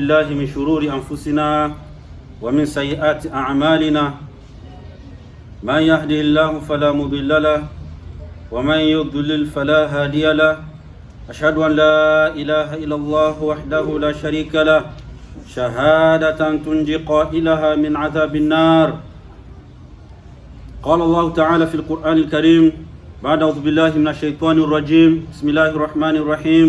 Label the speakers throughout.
Speaker 1: الله من شرور أنفسنا ومن سيئات أعمالنا من يهدي الله فلا مضل له ومن يضلل فلا هادي له أشهد أن لا إله إلا الله وحده لا شريك له شهادة تنجي قائلها من عذاب النار قال الله تعالى في القرآن الكريم بعد أعوذ بالله من الشيطان الرجيم بسم الله الرحمن الرحيم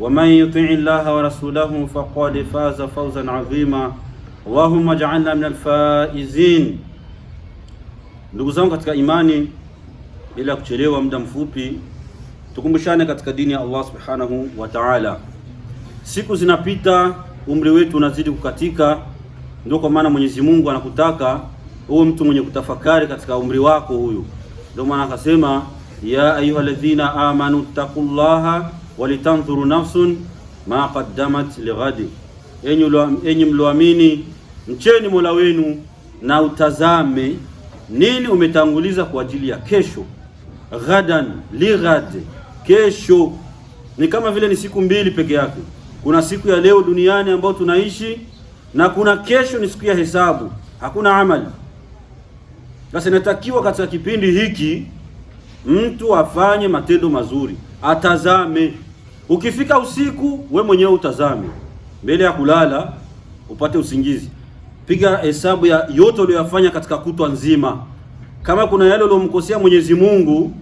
Speaker 1: ومن يطع الله ورسوله فقد فاز فوزا عظيما اللهم اجعلنا min alfaizin. Ndugu zangu katika imani, bila kuchelewa muda mfupi, tukumbushane katika dini ya Allah subhanahu wa ta'ala. Siku zinapita, umri wetu unazidi kukatika, ndio kwa maana Mwenyezi Mungu anakutaka uwe mtu mwenye kutafakari katika umri wako huyu. Ndio maana akasema ya ayuha alladhina amanu taqullaha walitandhuru nafsun ma qaddamat lighadi, enyi mlioamini mcheni Mola wenu na utazame nini umetanguliza kwa ajili ya kesho. Ghadan lighad, kesho ni kama vile ni siku mbili peke yake. Kuna siku ya leo duniani ambayo tunaishi na kuna kesho, ni siku ya hesabu, hakuna amali. Sasa inatakiwa katika kipindi hiki mtu afanye matendo mazuri, atazame Ukifika usiku, we mwenyewe utazame mbele ya kulala, upate usingizi. Piga hesabu ya yote uliyofanya katika kutwa nzima. Kama kuna yale uliyomkosea Mwenyezi Mungu,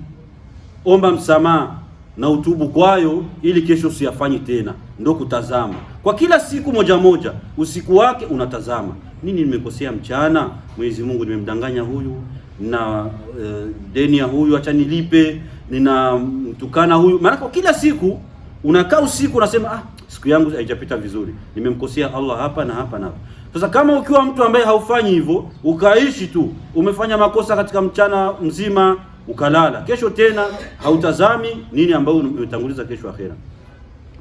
Speaker 1: omba msamaha na utubu kwayo, ili kesho usiyafanye tena. Ndio kutazama kwa kila siku moja moja, usiku wake unatazama nini nimekosea mchana. Mwenyezi Mungu, nimemdanganya huyu na e, eh, deni ya huyu acha nilipe, ninamtukana huyu. Maana kwa kila siku Unakaa usiku unasema, ah, siku yangu haijapita vizuri, nimemkosea Allah hapa na hapa na hapa. Sasa kama ukiwa mtu ambaye haufanyi hivyo, ukaishi tu, umefanya makosa katika mchana mzima ukalala, kesho tena hautazami nini ambayo umetanguliza kesho akhera.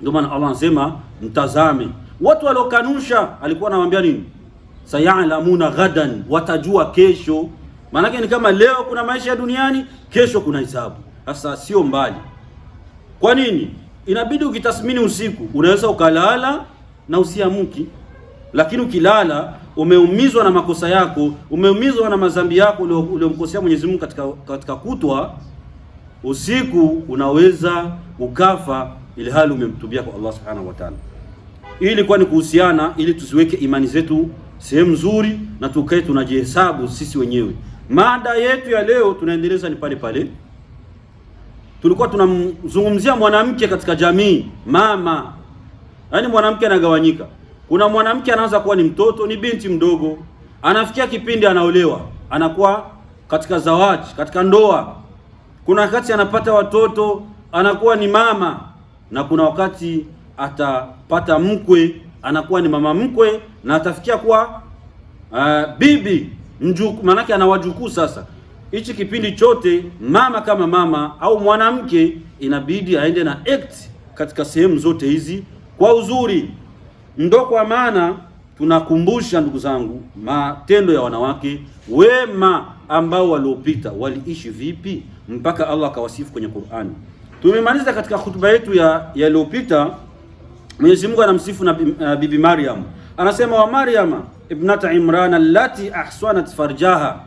Speaker 1: Ndio maana Allah anasema mtazame. Watu waliokanusha alikuwa anawaambia nini? Sayalamuna ghadan, watajua kesho. Maanake ni kama leo kuna maisha ya duniani, kesho kuna hisabu. Sasa sio mbali. Kwa nini? inabidi ukitathmini usiku, unaweza ukalala na usiamuki, lakini ukilala umeumizwa na makosa yako, umeumizwa na madhambi yako uliyomkosea Mwenyezi Mungu katika, katika kutwa usiku, unaweza ukafa ili hali umemtubia kwa Allah subhanahu wa ta'ala. Hii ilikuwa ni kuhusiana ili tuziweke imani zetu sehemu nzuri na tukae tunajihesabu sisi wenyewe. Mada yetu ya leo tunaendeleza ni pale pale tulikuwa tunamzungumzia mwanamke katika jamii mama. Yaani mwanamke anagawanyika, kuna mwanamke anaanza kuwa ni mtoto, ni binti mdogo, anafikia kipindi anaolewa, anakuwa katika zawaji, katika ndoa. Kuna wakati anapata watoto, anakuwa ni mama, na kuna wakati atapata mkwe, anakuwa ni mama mkwe, na atafikia kuwa uh, bibi mjukuu, maanake ana wajukuu sasa hichi kipindi chote mama kama mama au mwanamke inabidi aende na act katika sehemu zote hizi kwa uzuri. Ndo kwa maana tunakumbusha ndugu zangu, matendo ya wanawake wema ambao waliopita waliishi vipi mpaka Allah akawasifu kwenye Qur'ani. Tumemaliza katika hutuba yetu ya yaliyopita, Mwenyezi Mungu anamsifu na uh, Bibi Maryam anasema, wa Maryama ibnata Imran allati ahsanat farjaha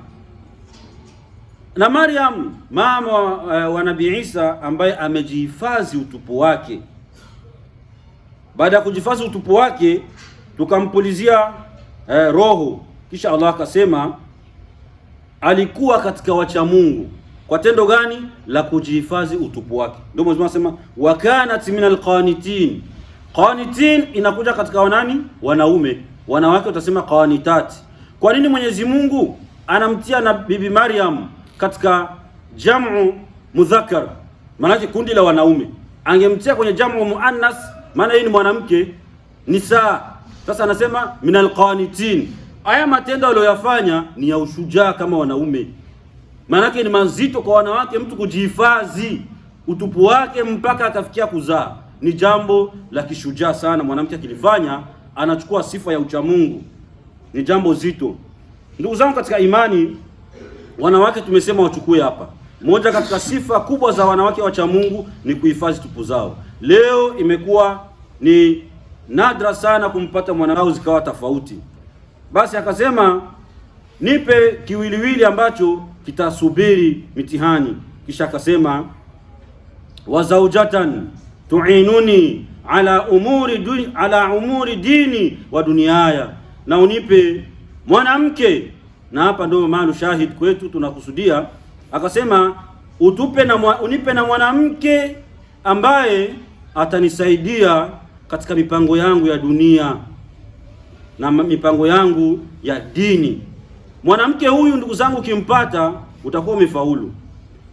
Speaker 1: na Maryam mama wa, eh, wa Nabii Isa ambaye amejihifadhi utupu wake. Baada ya kujihifadhi utupu wake tukampulizia eh, roho, kisha Allah akasema alikuwa katika wacha Mungu kwa tendo gani la kujihifadhi utupu wake. Ndio Mwenyezi Mungu anasema wa kanat min qanitin. Qanitin inakuja katika wanani, wanaume. Wanawake utasema qanitat. Kwa nini Mwenyezi Mungu anamtia na Bibi Maryam katika jamu mudhakar, maanake kundi la wanaume, angemtia kwenye jamu muannas, maana hii ni mwanamke, saa. Sasa anasema min alqanitin, haya matendo aliyoyafanya ni ya ushujaa kama wanaume, maanake ni mazito kwa wanawake, mtu kujihifadhi utupu wake mpaka akafikia kuzaa ni jambo la kishujaa sana. Mwanamke akilifanya anachukua sifa ya uchamungu, ni jambo zito, ndugu zangu katika imani wanawake tumesema wachukue hapa. Moja katika sifa kubwa za wanawake wacha Mungu ni kuhifadhi tupu zao. Leo imekuwa ni nadra sana kumpata mwanao zikawa tofauti. Basi akasema nipe kiwiliwili ambacho kitasubiri mitihani. Kisha akasema wazaujatan tuinuni ala umuri, du, ala umuri dini wa duniaya, na unipe mwanamke na hapa ndio maana shahid kwetu tunakusudia, akasema utupe na unipe na mwanamke ambaye atanisaidia katika mipango yangu ya dunia na mipango yangu ya dini. Mwanamke huyu ndugu zangu, ukimpata utakuwa umefaulu.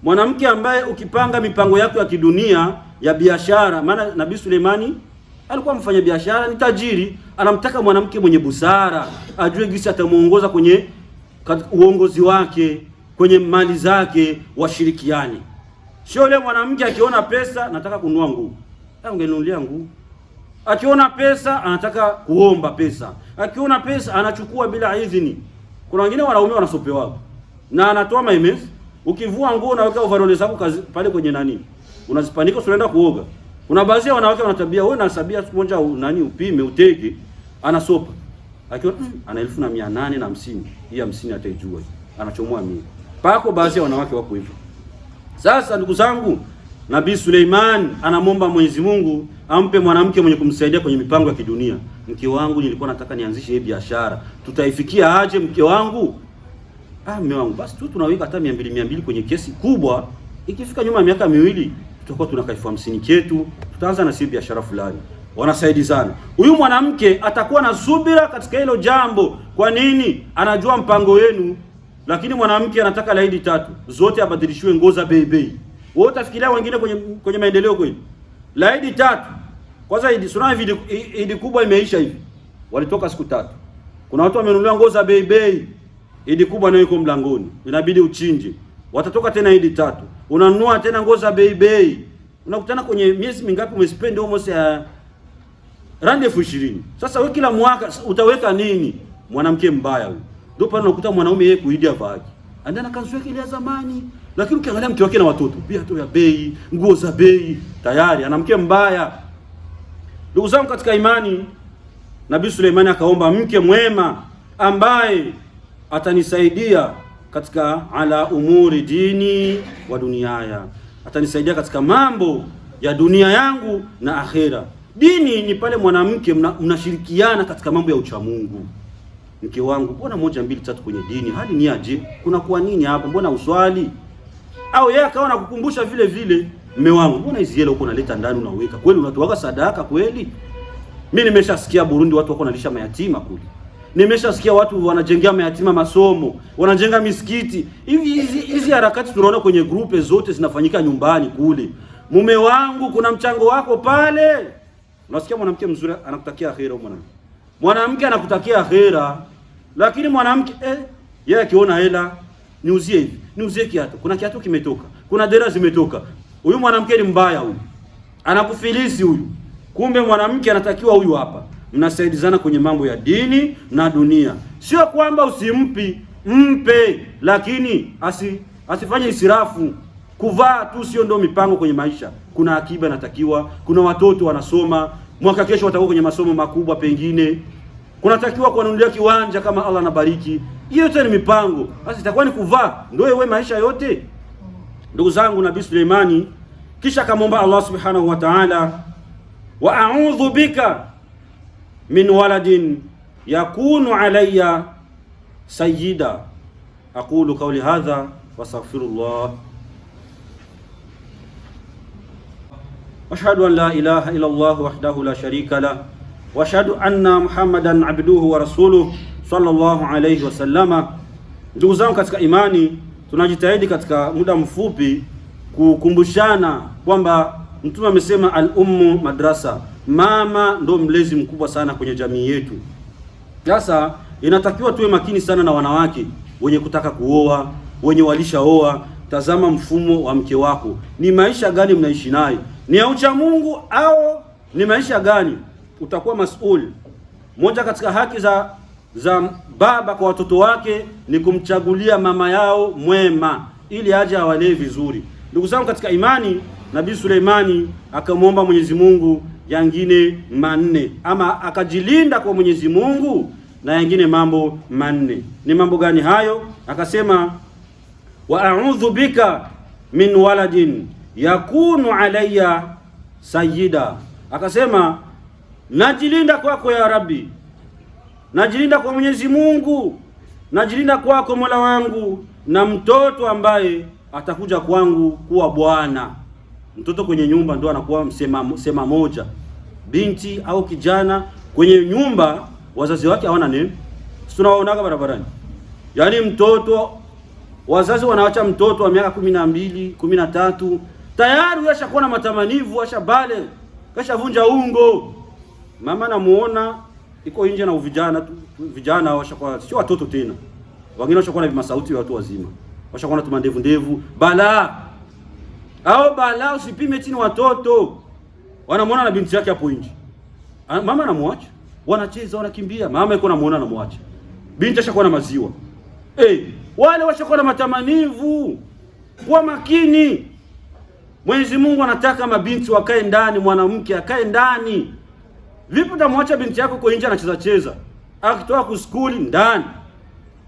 Speaker 1: Mwanamke ambaye ukipanga mipango yako ya kidunia ya biashara, maana Nabii Suleimani alikuwa mfanya biashara, ni tajiri. Anamtaka mwanamke mwenye busara, ajue jinsi atamuongoza kwenye uongozi wake, kwenye mali zake, washirikiani. Sio yule mwanamke akiona pesa anataka kununua nguo, ungenunulia nguo. Akiona pesa anataka kuomba pesa, akiona pesa anachukua bila idhini. Kuna wengine wanaume wanasopewa na anatoa maemes, Ukivua nguo unaweka overall zako pale kwenye nani, unazipanika, unaenda kuoga. Kuna baadhi ya wanawake wanatabia, wewe na sabia siku moja nani, upime uteke, anasopa akiona ana elfu na mia nane na hamsini hii hamsini ataijua anachomoa mimi pako. Baadhi ya wanawake wako hivyo. Sasa ndugu zangu, Nabii Suleiman anamwomba Mwenyezi Mungu ampe mwanamke mwenye kumsaidia kwenye mipango ya kidunia. Mke wangu, nilikuwa nataka nianzishe hii biashara, tutaifikia aje mke wangu? Ah, mume wangu, basi tu tunaweka hata 200 200 kwenye kesi kubwa, ikifika nyuma ya miaka miwili tutakuwa tuna elfu hamsini chetu, tutaanza na si biashara fulani wanasaidizana. Huyu mwanamke atakuwa na subira katika hilo jambo. Kwa nini? Anajua mpango wenu. Lakini mwanamke anataka laidi tatu zote abadilishiwe nguo za bei bei. Wewe utafikiria wengine kwenye, kwenye maendeleo kweli? Laidi tatu kwanza, idi sura hivi idi kubwa imeisha hivi, walitoka siku tatu. Kuna watu wamenunua nguo za bei idi kubwa nayo iko mlangoni, inabidi uchinje. Watatoka tena idi tatu, unanunua tena nguo za bei unakutana kwenye miezi mingapi umespend almost uh, randi elfu ishirini. Sasa wewe kila mwaka utaweka nini? Mwanamke mbaya huyo. Ndio pale unakuta mwanaume yeye kuidia vaki. na kanzu yake ile ya zamani, lakini ukiangalia mke wake na watoto, viatu ya bei, nguo za bei, tayari ana mke mbaya. Ndugu zangu katika imani, Nabii Suleimani akaomba mke mwema ambaye atanisaidia katika ala umuri dini wa duniaya, atanisaidia katika mambo ya dunia yangu na akhera. Dini ni pale mwanamke mnashirikiana mna katika mambo ya uchamungu. Mke wangu, mbona moja mbili tatu kwenye dini, hadi ni aje? Kuna kwa nini hapo? Mbona uswali? Au yeye akawa nakukumbusha vile vile, mme wangu, mbona hizi hela huko unaleta ndani unaweka? Kweli unatoaga sadaka kweli? Mimi nimeshasikia Burundi watu wako nalisha mayatima kule. Nimeshasikia watu wanajengea mayatima masomo, wanajenga misikiti. Hivi hizi hizi harakati tunaona kwenye grupe zote zinafanyika nyumbani kule. Mume wangu, kuna mchango wako pale. Unasikia mwanamke mzuri anakutakia akhera, mwanamke mwanamke anakutakia akhera, lakini mwanamke eh, yeye akiona hela, niuzie hivi, niuzie kiatu, kuna kiatu kimetoka, kuna dera zimetoka. Huyu mwanamke ni mbaya, huyu anakufilisi huyu. Kumbe mwanamke anatakiwa huyu hapa, mnasaidizana kwenye mambo ya dini na dunia. Sio kwamba usimpi, mpe, lakini asi asifanye israfu. Kuvaa tu sio ndio mipango kwenye maisha. Kuna akiba inatakiwa, kuna watoto wanasoma, mwaka kesho watakuwa kwenye masomo makubwa pengine. Kunatakiwa kuwanunulia kiwanja kama Allah anabariki. Hiyo yote ni mipango. Basi itakuwa ni kuvaa ndio wewe maisha yote. Ndugu zangu, Nabii Suleimani kisha akamwomba Allah Subhanahu wa Ta'ala, wa a'udhu bika min waladin yakunu alayya sayyida aqulu qawli hadha astaghfirullah ashhadu an la ilaha illa Allah wahdahu la sharika lah wa anna Muhammadan abduhu wa rasuluhu sallallahu alayhi wasallama. Ndugu zangu katika imani, tunajitahidi katika muda mfupi kukumbushana kwamba Mtume amesema al-ummu madrasa, mama ndo mlezi mkubwa sana kwenye jamii yetu. Sasa inatakiwa tuwe makini sana na wanawake wenye kutaka kuoa, wenye walishaoa. Tazama mfumo wa mke wako, ni maisha gani mnaishi naye? ni ya ucha Mungu au ni maisha gani? Utakuwa masuli. Moja katika haki za za baba kwa watoto wake ni kumchagulia mama yao mwema, ili aje awalee vizuri. Ndugu zangu katika imani, Nabii Suleimani akamwomba Mwenyezi Mungu yangine manne, ama akajilinda kwa Mwenyezi Mungu na yangine mambo manne. Ni mambo gani hayo? Akasema, wa a'udhu bika min waladin yakunu alayya sayyida, akasema najilinda kwako ya Rabbi, najilinda kwa Mwenyezi Mungu, najilinda kwako Mola wangu na mtoto ambaye atakuja kwangu kuwa bwana. Mtoto kwenye nyumba ndo anakuwa msema, sema moja. Binti au kijana kwenye nyumba wazazi wake hawana neno, tunawaonaga barabarani. Yaani mtoto wazazi wanawacha mtoto wa miaka kumi na mbili kumi na tatu tayari huyo ashakuwa na matamanivu, ashabale kashavunja ungo. Mama namuona iko nje na uvijana tu, vijana washakuwa sio watoto tena, wengine washakuwa na masauti ya watu wazima, washakuwa na tumandevu ndevu. Bala au bala, usipime chini watoto. Wanamuona na binti yake hapo nje, ah, mama anamwacha, wanacheza wanakimbia, mama iko namuona, anamwacha binti, ashakuwa na maziwa. Hey, wale washakuwa na matamanivu, kuwa makini. Mwenyezi Mungu anataka mabinti wakae ndani, mwanamke akae ndani. Vipi utamwacha binti yako kwa nje anacheza cheza? Akitoka kuskuli ndani.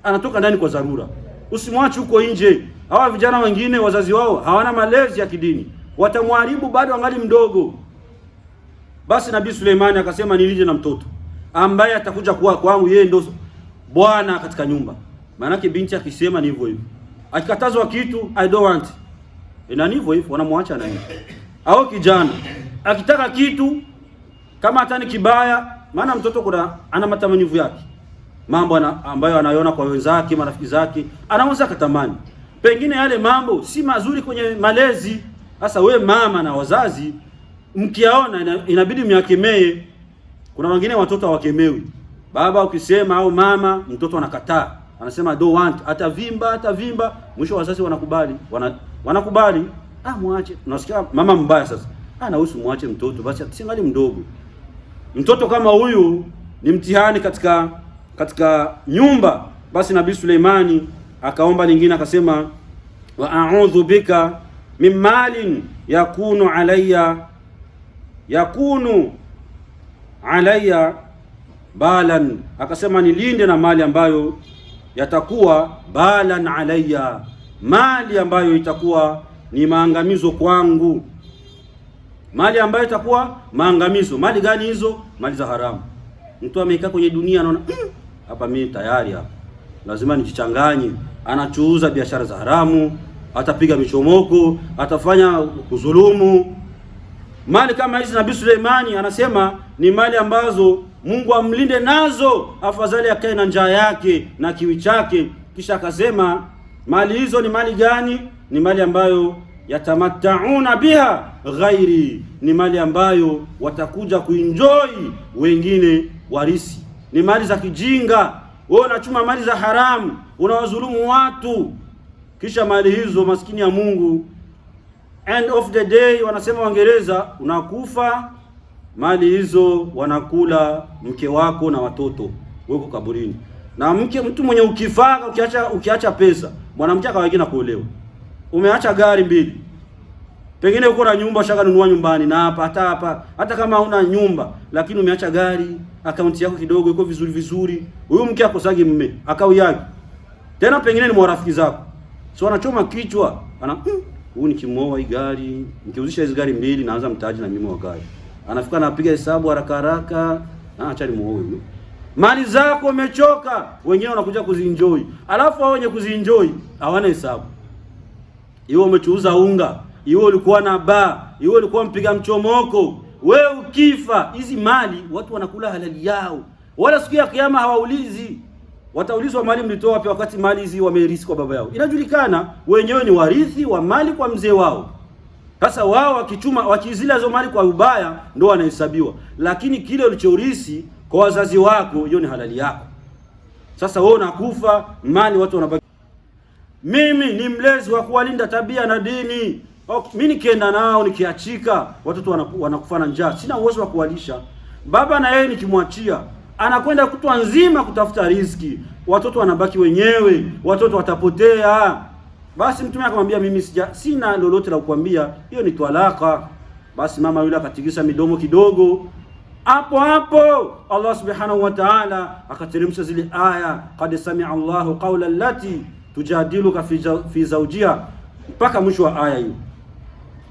Speaker 1: Anatoka ndani kwa dharura. Usimwache huko nje. Hawa vijana wengine wazazi wao hawana malezi ya kidini. Watamwharibu bado angali mdogo. Basi Nabii Suleimani akasema nilije na mtoto ambaye atakuja kuwa kwangu, yeye ndo bwana katika nyumba. Maana binti akisema ni hivyo hivyo. Akikatazwa kitu I don't want. Eh, nani hivyo hivyo wanamwacha na hivyo. Au kijana akitaka kitu kama hatani kibaya, maana mtoto kuna ana matamanyivu yake, mambo ana, ambayo anayona kwa wenzake marafiki zake anaweza katamani pengine yale mambo si mazuri kwenye malezi. Sasa we mama na wazazi mkiaona, inabidi myakemee. Kuna wengine watoto hawakemewi, baba ukisema au mama, mtoto anakataa, anasema don't want, atavimba atavimba, mwisho wazazi wanakubali wana wanakubali ah, mwache. Unasikia mama mbaya sasa, ah, nahusu mwache mtoto basi, singali mdogo. Mtoto kama huyu ni mtihani katika katika nyumba. Basi Nabii Suleimani akaomba lingine akasema, wa a'udhu bika min malin yakunu alayya yakunu alayya balan, akasema nilinde na mali ambayo yatakuwa balan alayya mali ambayo itakuwa ni maangamizo kwangu, mali ambayo itakuwa maangamizo. Mali gani hizo? Mali za haramu. Mtu amekaa kwenye dunia anaona mm, hapa, mimi tayari hapa lazima nijichanganye. Anachuuza biashara za haramu, atapiga michomoko, atafanya kuzulumu. Mali kama hizi Nabii Suleimani anasema ni mali ambazo Mungu amlinde nazo, afadhali akae na njaa yake na kiwi chake, kisha akasema Mali hizo ni mali gani? Ni mali ambayo yatamattauna biha ghairi, ni mali ambayo watakuja kuenjoy wengine warisi. Ni mali za kijinga, wewe unachuma mali za haramu, unawadhulumu watu, kisha mali hizo maskini ya Mungu, end of the day, wanasema Waingereza, unakufa mali hizo wanakula mke wako na watoto weko kaburini. Na mke mtu mwenye ukifaka, ukiacha ukiacha pesa mwanamke Mchaka hawajina kuolewa. Umeacha gari mbili. Pengine uko na nyumba nunua nyumbani na hapa hata hapa hata kama una nyumba lakini umeacha gari, akaunti yako kidogo iko vizuri vizuri. Huyu mke akosagi mme, akau yake. Tena pengine ni mwarafiki zako. So anachoma kichwa, ana hmm, huyu mm, nikimuoa hii gari, nikiuzisha hizi gari mbili naanza mtaji na mimi wa gari. Anafika anapiga hesabu haraka haraka, ah, acha nimuoe huyu mali zako umechoka, wengine wanakuja kuzienjoy, alafu hao wenye kuzienjoy hawana hesabu. Iwe umechuuza unga, iwe ulikuwa na baa, iwe ulikuwa mpiga mchomoko, we ukifa, hizi mali watu wanakula halali yao, wala siku ya kiyama hawaulizi. Wataulizwa mali mlitoa wapi, wakati mali hizi wameirithi kwa baba yao. Inajulikana wenyewe ni warithi wa mali kwa mzee wao. Sasa wao wakichuma, wakizila hizo mali kwa ubaya, ndio wanahesabiwa, lakini kile ulichourithi kwa wazazi wako, hiyo ni halali yako. Sasa wewe unakufa mali, watu wanabaki. Mimi ni mlezi wa kuwalinda tabia na dini. Mimi nikienda nao nikiachika, watoto wanakufa na njaa, sina uwezo wa kuwalisha. Baba na yeye nikimwachia anakwenda kutwa nzima kutafuta riziki, watoto wanabaki wenyewe, watoto watapotea. Basi mtume akamwambia, mimi sija, sina lolote la kukwambia, hiyo ni twalaka. Basi mama yule akatikisa midomo kidogo hapo hapo Allah subhanahu wa ta'ala akateremsha zile aya, qad samia Allahu qawla allati tujadiluka fi zawjiha, mpaka mwisho wa aya hiyo.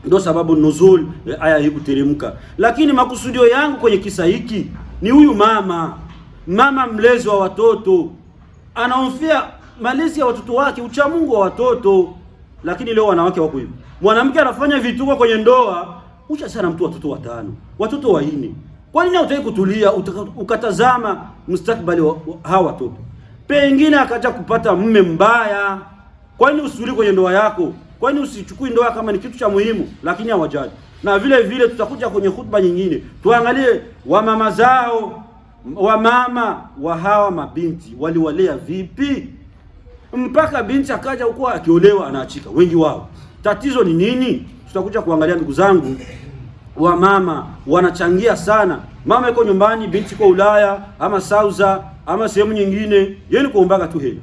Speaker 1: Ndio sababu nuzul e, aya hii kuteremka. Lakini makusudio yangu kwenye kisa hiki ni huyu mama, mama mlezi wa watoto, anaofia malezi ya watoto wake, uchamungu wa watoto. Lakini leo wanawake wako hivi, mwanamke anafanya vituko kwenye ndoa, ucha sana mtu watoto watano, watoto wanne kwa nini hutaki kutulia ukatazama mustakbali wa hawa watoto? Pengine akaja kupata mme mbaya. Kwa nini usuri kwenye ndoa yako? Kwa nini usichukui ndoa kama ni kitu cha muhimu? Lakini hawajaji. Na vile vile tutakuja kwenye hutuba nyingine tuangalie wamama zao, mama wa hawa mabinti waliwalea vipi mpaka binti akaja huko akiolewa anaachika, wengi wao. Tatizo ni nini? Tutakuja kuangalia ndugu zangu wa mama wanachangia sana. Mama yuko nyumbani, binti kwa Ulaya ama Sauza ama sehemu nyingine, yeye ni kuombaka tu hela.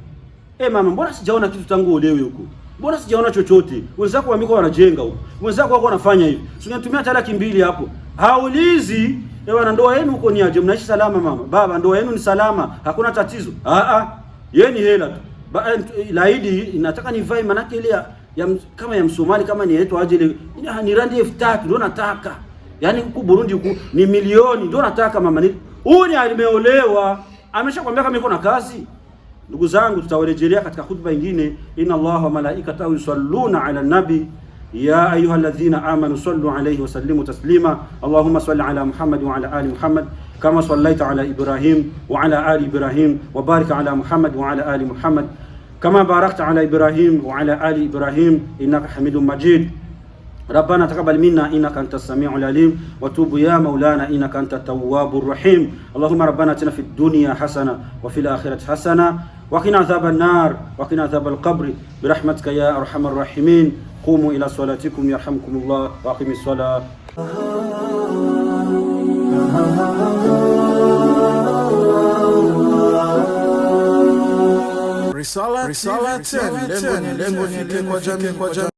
Speaker 1: Eh, mama, mbona sijaona kitu tangu olewe huko? Mbona sijaona chochote? Wenzako wa miko wanajenga huko. Wenzako wako wanafanya hivi. Si hata laki mbili hapo. Haulizi, eh, na ndoa yenu huko ni aje? Mnaishi salama mama? Baba, ndoa yenu ni salama. Hakuna tatizo. Ah ah. ni hela tu. Ba, eh, Laidi inataka nivae manake ile ya kama ya Msomali kama niletwa ajili ni randi elfu tatu ndio nataka. Yaani huku Burundi huku ni milioni ndio nataka mama ni. Huyu ni alimeolewa. Ameshakwambia kama iko na kazi. Ndugu zangu tutawarejelea katika khutba nyingine, inna Allaha wa malaikatahu yusalluna ala nabi ya ayuha alladhina amanu sallu alayhi wa sallimu taslima allahumma salli ala Muhammad wa ala ali Muhammad kama sallaita ala Ibrahim wa ala ali Ibrahim wa barik ala Muhammad wa ala ali Muhammad كما باركت على إبراهيم وعلى آل إبراهيم إنك حميد مجيد ربنا تقبل منا انك انت السميع العليم وتوب يا مولانا انك انت التواب الرحيم اللهم ربنا اتنا في الدنيا حسنه وفي الاخره حسنه وقنا عذاب النار وقنا عذاب القبر برحمتك يا ارحم الراحمين قوموا الى صلاتكم يرحمكم الله واقم الصلاه risala risala 10 lengo ni lengo kwa jamii kwa jamii